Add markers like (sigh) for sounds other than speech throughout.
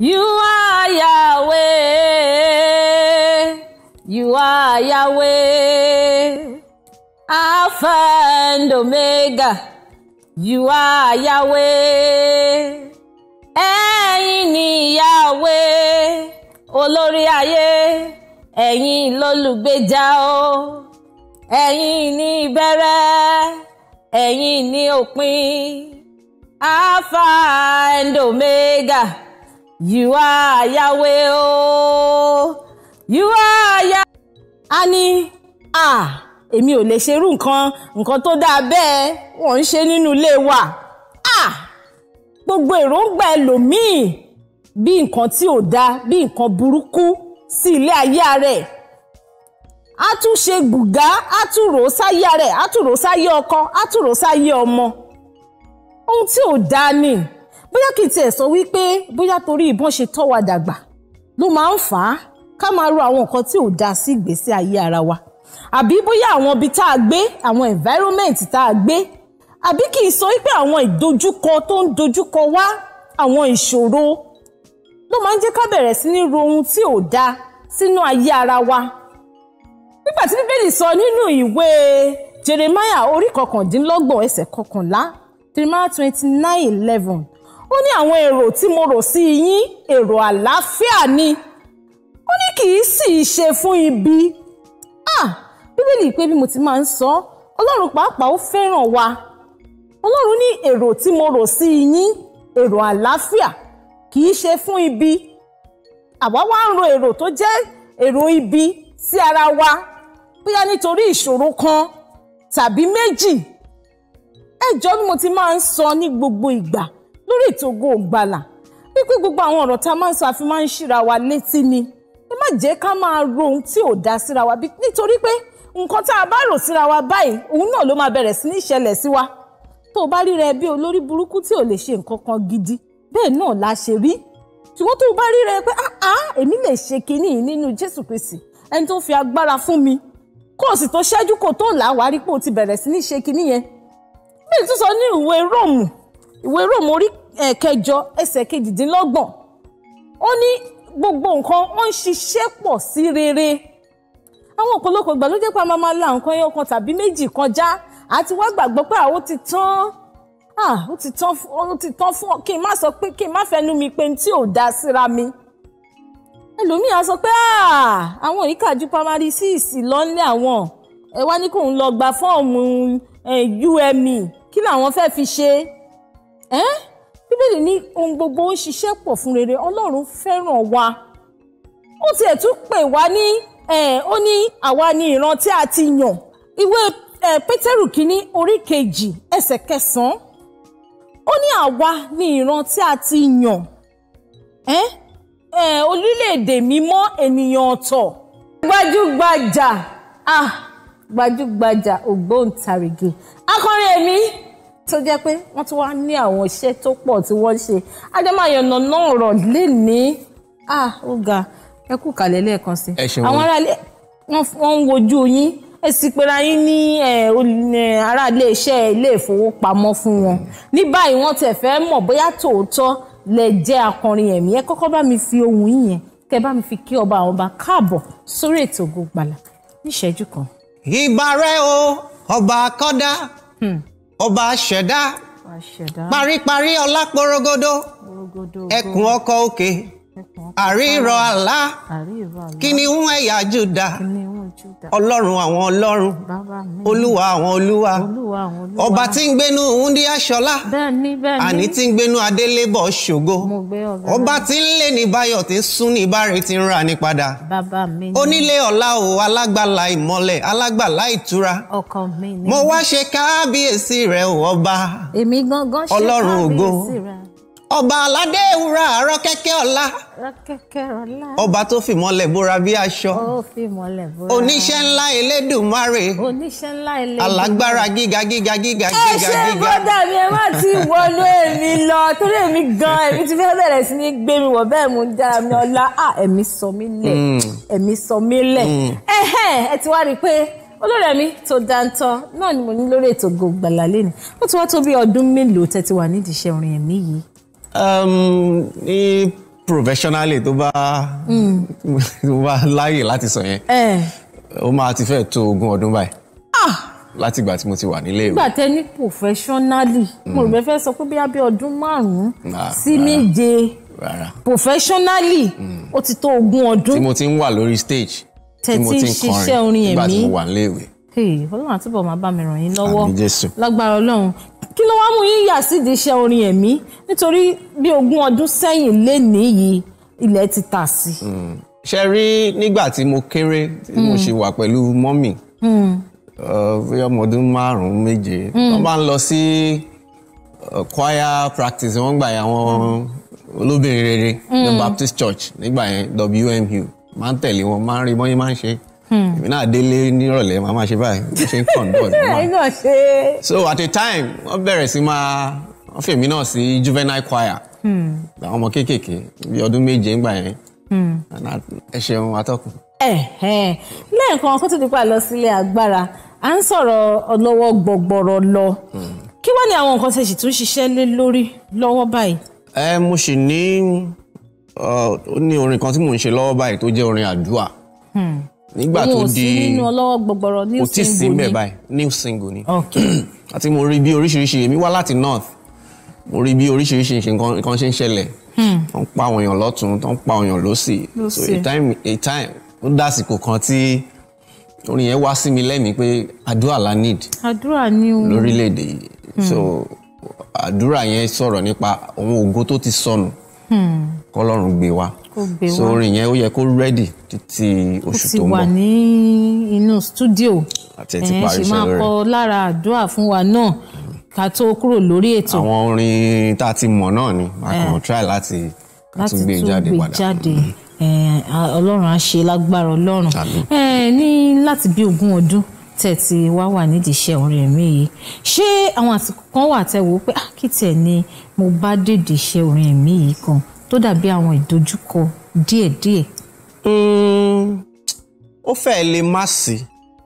You are Yahweh. You are Yahweh. Alpha and Omega. You are Yahweh. Ẹ̀yin ni Yahweh. Olórí ayé. Ẹ̀yin lólùgbèjà o. Ẹ̀yin ni ìbẹ̀rẹ̀. Ẹ̀yin ni òpin. Alpha and Omega. You are Yahweh o. Oh. You are Yahweh. A ní à èmi ò lè ṣerú nǹkan nǹkan tó dáa bẹ́ẹ̀ wọ́n ń ṣe nínú ilé wa. À gbogbo èròǹgbà ẹlòmíì bí nǹkan tí ò dáa bí nǹkan burúkú sí ilé ayé rẹ̀. A tún ṣe gbùgá a tún rò ó sáyé rẹ̀ a tún rò ó sáyé ọkọ a tún rò ó sáyé ọmọ. Ohun tí ò dáa ni bóyá kì í tiẹ̀ sọ wípé bóyá torí ìbọn ṣe tọ́ wa dàgbà ló máa ń fà á ká máa ro àwọn nǹkan tí ò dáa sí ìgbésí ayé ara wa àbí bóyá àwọn ibi tá a gbé àwọn environment tá a gbé àbí kì í sọ wípé àwọn ìdojúkọ tó ń dojúkọ wá àwọn ìṣòro ló máa ń jẹ́ ká bẹ̀rẹ̀ sí ní ro ohun tí ò dáa sínú ayé ara wa nígbà tí bíbélì sọ nínú ìwé Jeremiah orí kọkàndínlọ́gbọ̀n ẹsẹ̀ kọkànlá Jeremiah twenty nine eleven ó ní àwọn èrò tí mo rò sí yín èrò àlàáfíà ni ó ní kì í sì í ṣe fún ibi ah bíbélì pé bí mo ti máa ń sọ ọlọ́run pàápàá ó fẹ́ràn wa ọlọ́run ní èrò tí mo rò sí yín èrò àlàáfíà kì í ṣe fún ibi àwa wá ń ro èrò tó jẹ́ èrò ibi sí ara wa bóyá nítorí ìṣòro kan tàbí méjì ẹ jọ bí mo ti máa ń sọ ní gbogbo ìgbà lórí ètò Ògo Ìgbàlà wípé gbogbo àwọn ọ̀rọ̀ tá a máa ń sọ àfi máa ń ṣíra wa létí ni ẹ má jẹ́ ká máa ro ohun tí ò dá síra wa nítorí pé nǹkan tá a bá rò síra wa báyìí òun náà ló máa bẹ̀rẹ̀ sí ní ṣẹlẹ̀ sí wa tó o bá ríra ẹ bí olórí burúkú tí ò lè ṣe nǹkan kan gidi bẹ́ẹ̀ náà la ṣe rí ṣùgbọ́n tó o bá ríra ẹ pé áá èmi lè ṣe kinní yìí nínú Jésù Kristi ẹni tó fi agbára fún mi kó o sì tó ṣẹ́jú kó tó làwárí pé o ti bẹ̀rẹ̀ sí ní ṣe kinní yẹn bí ìtúsọ ní ìwé Róòmù ìwé róòmù orí kẹjọ ẹsẹ̀ kejìdínlọ́gbọ̀n ó ní gbogbo nǹkan ó ń ṣiṣẹ́ pọ̀ sí rere àwọn ọ̀pọ̀lọpọ̀ ìgbà ló jẹ́ pé a máa máa la nǹkan ẹyọ kan tàbí méjì kọjá àti wá gbàgbọ́ pé àwọn ti tán ó ti tán ó ti tán fún kí n má sọ pé kí n má fẹnu mi pé tí ò da síra mi ẹlòmíì á sọ pé àwọn yìí kà ju primary six lọ́nlẹ̀ àwọn ẹ wá ní kóun lọ gba fọ́ọ̀mù UME kí làwọn fẹ́ fi ṣe é ẹ́ bíbélì ní ohun gbogbo ó ṣiṣẹ́ pọ̀ fún rere ọlọ́run fẹ́ràn wa ó tiẹ̀ tún pè wá ní ó ní àwa ni ìran tí a ti yàn ìwé pétérù kínní orí kejì ẹsẹ̀ kẹsàn-án ó ní àwa ni ìran tí a ti yàn orílẹ̀-èdè mímọ́ ènìyàn ọ̀tọ̀ gbajúgbajà ah gbajúgbajà ògbóǹtarìgì akọrin èmi tó jẹ́ pé wọ́n tún wá ní àwọn iṣẹ́ tó pọ̀ tí wọ́n ṣe adémáyọ̀nà náà rọ̀ lé ní ah ọ̀gá ẹ kú kàlẹ́ lẹ́ẹ̀kan sí i àwọn aráàlú wọ́n ń wojú yín ẹ sì pera yín ní ará iléeṣẹ́ ilé ìfowópamọ́ fún wọn ní báyìí wọ́n tẹ̀ fẹ́ mọ̀ bóyá tòótọ́ lẹ jẹ́ akọrin ẹ̀mí ẹ kọ́kọ́ bá mi fi ohùn yín yẹn kẹ́ bá mi fi kí ọba àwọn ọba káàbọ̀ sórí ètò Ògo Ìgbàlà níṣẹ́jú kan. ìbà rẹ o ọba akọ́dá hmm ọba àṣẹdá paríparí ọlá porogodo ẹkùn ọkọ òkè àrírọ àlá kìnìún ẹ̀yà Júdà ọlọ́run àwọn ọlọ́run olúwa àwọn olúwa ọba tí ń gbénú wúndí aṣọlá àní tí ń gbénú adélébọ̀ ṣògo ọba tí ń lé ní báyọ̀ tí ń sún ní ìbárẹ̀ tí ń rà ní padà onílé ọ̀la o alágbàlá ìmọ́lẹ̀ alágbàlá ìtura mo wá ṣe káábíyèsí rẹ o ọba ọlọ́run ògo ọba aládé ìwúra àárọ̀ kẹ́kẹ́ ọlá ọba tó fìmọ́lẹ̀ bóra bí aṣọ oníṣẹ́ ńlá elédùnmáre alágbára gíga gíga gíga gíga gíga. ẹ ṣe bọ́dà mi ẹ má ti wọnú èmi lọ torí èmi gan èmi ti fẹ́ bẹ̀rẹ̀ sí ní gbé mi wọ̀ bẹ́ẹ̀ mú dára mi ọlá ẹ̀mí sọ mí lẹ̀ mm. ẹ̀mí sọ mí lẹ̀ mm. ẹ̀hẹ́n ẹ ti wá rí i pé olóòrè mi tó dáńtọ́ náà ni mo ní lórí ètò Ògo Ìgbàlà lẹ́nu ó ti wá tó bí ọdún mélòó tẹ́ wà nídìí iṣẹ́ orin ẹ̀mí yìí ní professionally tó bá hmm. tó bá láàyè láti sọ yẹn ó máa ti fẹ́ tó ogún ọdún báyìí ah! láti ìgbà tí mo ti wà nílé ìwé. nígbà tẹ ní professionally hmm. mo rò pé fẹ́ sọ pé bí abẹ́ ọdún márùn-ún ah, sí méje professionally hmm. ó ti tó ogún ọdún. tí mo ti ń wà lórí stage tí mo ti ń kọrin nígbà tí mo wà nílé ìwé. ọlọ́run àtúbọ̀ máa bá mi ràn yín lọ́wọ́ lágbára ọlọ́run kí ló wáá mú yín yà sídìí iṣẹ́ orin ẹ̀mí nítorí bí ogún ọdún sẹ́yìn lé níyì ilẹ̀ ti tà sí. Hmm. ṣe rí nígbà tí mo kéré tí mo hmm. ṣì wà pẹ̀lú mọ́mì hmm. uh, bóyá ọmọ ọdún márùn-ún méje wọ́n máa ń lọ sí uh, choir practice wọ́n gbà yà olóbìnrin rere the Baptist Church nígbà yẹn WMU máa ń tẹ̀lé wọn máa ń rí bọ́yìn máa ń ṣe Hmm. èmi náà délé nírọ̀lẹ́ màá máa ṣe báyìí mo ṣe ń kàn bọ̀ nígbà so at a time wọ́n bẹ̀rẹ̀ sí máa wọ́n fèmí náà sí juvenile choir hmm. àwọn ọmọ kéékèèké bíi ọdún méje ńgbà yẹn hmm. ẹ ṣeun atọ́kùn. lẹ́ẹ̀kan kó tó di pa lọ sílé agbára à ń sọ̀rọ̀ lọ́wọ́ gbọ̀gbọ̀rọ̀ lọ kí wá ní àwọn nǹkan tẹ̀sí tó ń ṣiṣẹ́ lé lórí lọ́wọ́ báyìí. ẹ mo sì ní ó ní orin kan tí mò ń ṣe lọ́wọ́ báyìí tó jẹ́ orin àdúrà nígbà tó di kò tí sí mbẹ̀ báyìí new single ni (clears throat) àti mo rí bí oríṣiríṣi èmi wá láti north mo rí bí oríṣiríṣi nǹkan ṣe ń ṣẹlẹ̀ hmm. tó ń pa àwọn èèyàn lọ́tún tó ń pa àwọn lọ́sì so a time a time ó dásìkò kan tí orin yẹn wá sí mi lẹ́mìí pé àdúrà la need àdúrà ni o lórílẹ̀‐èdè yìí hmm. so àdúrà yẹn sọ̀rọ̀ nípa ohun ògo tó ti sọnù hmm. kọ́lọ́run gbé wa sórí yẹn ó yẹ kó rẹ́dì títí oṣù tó ń bọ̀. ó ti wà ní inú stúdíò ẹ̀ẹ́n ṣì máa kọ lára àdúrà fún wa náà ká tó kúrò lórí ètò. àwọn orin tá ti mọ̀ náà ni a kàn eh. try láti tún gbé jáde padà mm-hmm. eh, ọlọ́run á ṣe lágbára ọlọ́run eh, ní láti bí ogún ọdún tẹ̀ wá wà nídìí iṣẹ́ orin ẹ̀mí yìí ṣé àwọn àsìkò kan wà tẹ́ wò ó pé ah, kí tẹ̀ ni mo bá dèdè iṣẹ́ orin ẹ̀mí yìí kan tó dàbí àwọn ìdojúkọ díẹ̀díẹ̀. Hmm, ó fẹ́ẹ̀ lè má sí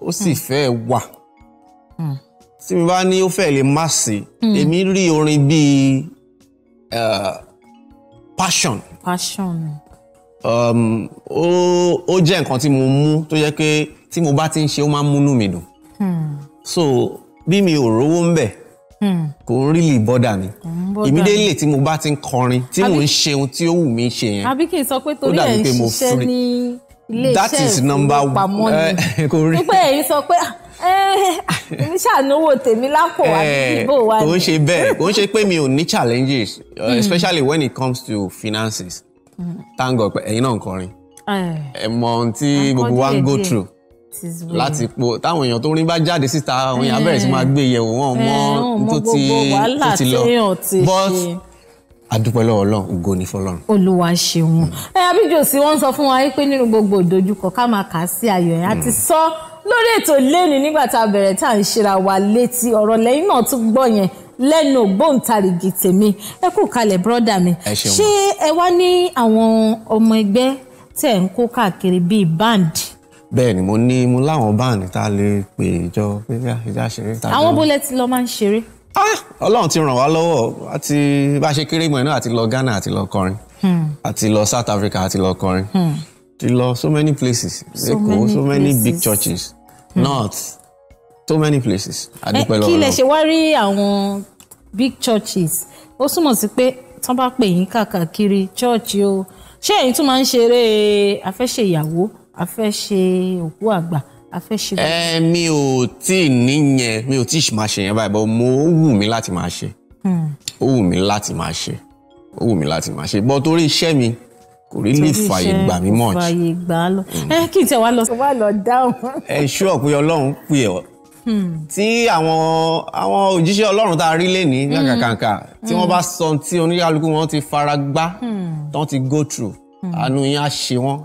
ó sì hmm. fẹ́ẹ̀ wà hmm. tí mi bá ní ó fẹ́ẹ̀ lè má sí èmi rí orin bíi passion. passion. Um, ó ó jẹ́ nǹkan tí mo mú tó yẹ pé tí mo bá ti ń ṣe ó máa ń múnú mi dùn. Hmm. so bí mi ò rówó ń bẹ̀ Hmm. kò ń rí lè bọ́dà mi immediately tí mo bá ti ń kọrin tí mo ń ṣe ohun tí ó wù mí ṣe yẹn àbí kì í sọ pé torí ẹ̀ ń ṣiṣẹ́ ní ilé-iṣẹ́ ìfowópamọ́ ni pípẹ́ (laughs) ẹ̀yin sọ pé èmi ah, eh, ah, ṣàánúwò tèmi lápò wá ìbò wa ni. kò ń ṣe bẹ́ẹ̀ kò ń ṣe pé mi ò ní challenges (laughs) hmm. especially when it comes to finances hmm. thank God pé ẹ̀yin náà ń kọrin eh. ẹ mọ ohun tí gbogbo wa ń go through láti po táwọn èèyàn tó rí bá jáde síta àwọn èèyàn bẹ̀rẹ̀ sí máa gbé yẹ̀wò wọn eh, mọ tó ti tó ti lọ but adúpẹ́ lọ́wọ́ ọlọ́run ògo ni fọlọ́run. olúwa ṣeun ẹ hmm. eh, abíjòsí wọn sọ fún wa pé nínú gbogbo ìdojúkọ ká máa kà á sí ayọ̀ ẹ̀ àti hmm. sọ lórí ètò lẹ́nu nígbà tá a bẹ̀rẹ̀ tá à ń ṣera wa létí ọ̀rọ̀ lẹ́yìn náà tún gbọ́ yẹn lẹ́nu ògbóǹtarìgì tèmi ẹ kú kalẹ̀ bọ́dà mi ṣé ẹ wá ní àwọn ọmọ ẹgbẹ́ tẹ̀ ń kó káàkiri bíi band bẹ́ẹ̀ ni mo ní mo láwọn báàní tá a lè pè jọ pé ìjà ṣeré. àwọn bólẹ̀ tí lọ máa ń ṣeré. Ah, ọlọ́run ti ràn wá lọ́wọ́ àti bá a ṣe kéré mọ́ náà àti lọ Ghana àti lọ kọrin àti hmm. lọ South Africa àti lọ kọrin hmm. ti lọ so many places Èkó so, so many big churches hmm. north so many places. adúpẹ́ eh, lọ́wọ́ kí lè ṣe wá rí àwọn big churches ó súnmọ́ sí pé tán bá pè yín káàkiri church o ṣé èyí tún máa ń ṣeré afẹ́ṣe a fẹ́ ṣe òkú àgbà a fẹ́ ṣe. ẹ mi ò tí ì níyẹn mi ò tí ì máa ṣe yẹn báyìí bọ́ mo hmm. ó wù mí láti máa ṣe ó wù mí láti máa ṣe ó wù mí láti máà ṣe bọ́ torí iṣẹ́ mi kò rí lè fààyè gbà mí mọ̀ jù. fààyè gbà á lọ hmm. ẹ kí n tẹ wá lọ sí. wá lọ dáhùn. ẹ ṣú ọ̀pẹ ọlọ́run pè ọ́ hmm. tí àwọn àwọn òjíṣẹ́ ọlọ́run tá a rí lé ní kàkàkàkà tí wọ́n bá sọ tí oníkálukú wọn ti fara gbá tán ti go through Hmm. àánú yín á ṣe wọ́n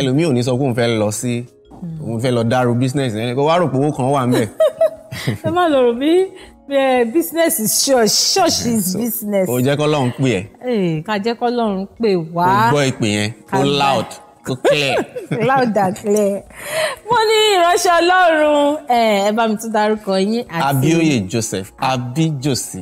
ẹlòmíì ò ní sọ pé òun fẹ́ lọ sí hmm. òun fẹ́ lọ dárú business yẹn kó wá rò pé owó kan wà ńbẹ̀. (laughs) ẹ má lọ rò bí business is church church (laughs) is business. kò jẹ́ kọ́ lọ́run pè ẹ́. ká jẹ́ kọ́ lọ́run pè wá. kò gbọ́ ìpè yẹn kó loud kó clear. (laughs) loud and clear. mo ní ìránṣẹ́ ọlọ́run ẹ bá mi tún dárúkọ yín àti. abioye joseph abijosi.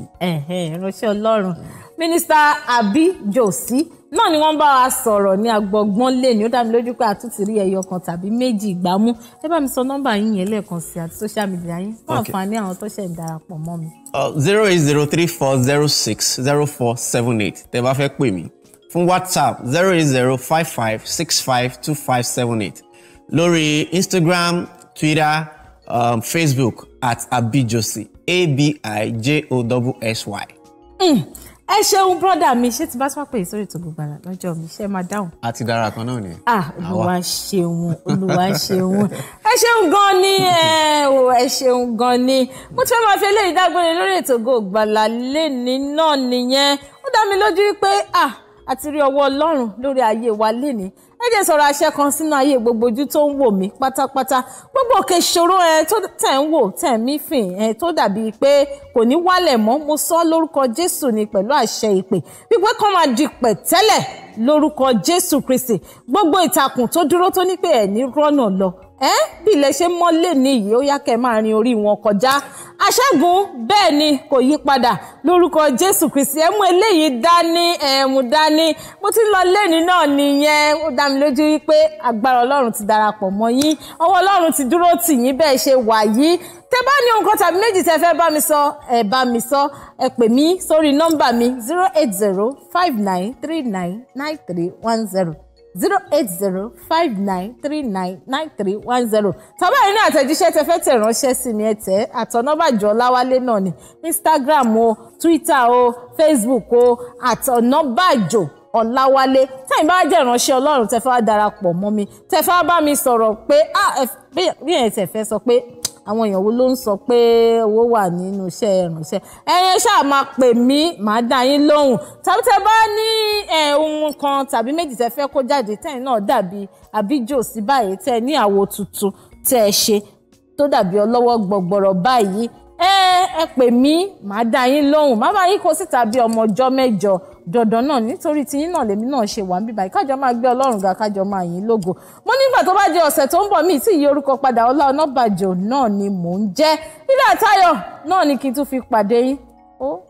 ìránṣẹ́ ọlọ́run mínísítà abijosi náà ni wọ́n bá wa sọ̀rọ̀ ní agbọ̀gbọ́n lé ní ó dá mi lójú pé àtúntì rí ẹyọ kan tàbí méjì ìgbámú ẹ bá mi sọ nọ́mbà yín yẹn lẹ́ẹ̀kan sí àti social media yín fún àǹfààní àwọn tó ṣẹ̀ ń darapọ̀ mọ́ mi. Uh, zero eight zero three four zero six zero four seven eight tẹ́ bá fẹ́ pè mí fún whatsapp zero eight zero five five six five two five seven eight lórí instagram twitter um, facebook at abijosi a b i j o s y. Mm ẹ ṣeun brọ́dà mi ṣé ti bá sọ pé ìsórí tó gbogbo àlà lọ́jọ́ mi ṣé máa dáhùn. a ti dára kan náà ni. ah olúwa ṣeun olúwa ṣeun ẹ ṣeun gan ni ẹ ṣeun gan ni mo ti fẹ́ máa fi eléyìí dágbére lórí ètò Ògo Ìgbàlà lẹ́ni náà nìyẹn ó dá mi lójú pé ah àti rí ọwọ́ ọlọ́run lórí ayé wa lẹ́ni ẹ jẹ́ sọ̀rọ̀ àṣẹ kan sínú ayé gbogbo ojú tó ń wò mí pátápátá gbogbo òkè ìṣòro ẹ tó tẹ̀ ń wò tẹ̀ mí fìn ẹ tó dàbí pé kò ní wálẹ̀ mọ́ mo sọ lórúkọ Jésù ni pẹ̀lú àṣẹ ìpè wípé kó máa di pẹ̀tẹ́lẹ̀ lórúkọ Jésù Kristi gbogbo ìtàkùn tó dúró tó ní pé ẹ̀ ní rọ́nà lọ ẹ bí ilẹ̀ ṣe mọ́lẹ̀ nìyí ó yá kẹ́ máa rin orí wọn kọjá aṣẹ́gun bẹ́ẹ̀ ni kò yí padà lórúkọ jésù kristi ẹ mú eléyìí dání ẹ mú dání mo ti ń lọ lẹ́ni náà nìyẹn ó dá mi lójú wípé agbára ọlọ́run ti darapọ̀ mọ́ yín ọwọ́ ọlọ́run ti dúró tì yín bẹ́ẹ̀ ṣe wà yìí tẹ bá ní ohun kan tàbí méjì tẹ fẹ́ bá mi sọ ẹ bá mi sọ ẹ pè mí sórí nọ́mbà mi zero eight zero five nine three nine nine three one zero zero eight zero five nine three nine nine three one zero tàbá yìí ní àtẹ̀jíṣẹ́ tẹ fẹ́ tẹ̀ ránṣẹ́ sí mi ẹ tẹ̀ àtọ̀nàbàjọ́ ọláwálé náà ni instagram o twitter o facebook o àtọ̀nàbàjọ́ ọláwálé tẹ̀yìn bá jẹ́ ìránṣẹ́ ọlọ́run tẹ fẹ́ darapọ̀ mọ́ mi tẹ fẹ́ bá mi sọ̀rọ̀ pé ah, bí ẹ̀ tẹ̀ fẹ́ sọ pé àwọn èèyàn wo ló ń sọ pé owó wà nínú iṣẹ́ ìrànṣẹ́ ẹ̀yin ṣáà máa pè mí màá dá yín lóhùn tàbí tẹ bá ní ohun kan tàbí méjì tẹ fẹ́ kó jáde tẹ́yìn náà dàbí àbíjò sí báyìí tẹ ní àwo tuntun tẹ ẹ ṣe tó dàbí ọlọ́wọ́ gbọgbọrọ báyìí ẹ ẹ pè mí màá dá yín lóhùn má bá yín kó síta bí ọmọ ọjọ́ mẹ́jọ dandan náà nítorí tiyín náà lèmi náà ṣe wà ń bíbá ìkájọ máa gbé ọlọ́run ga kájọ máa yìn lógo mo nígbà tó bá jẹ ọ̀sẹ̀ tó ń bọ̀ mí tí ìyí orúkọ padà Ọlá Ọnàbàjọ náà ni mò ń jẹ́ nígbà táyọ̀ náà ni kí n tún fi pàdé yín ó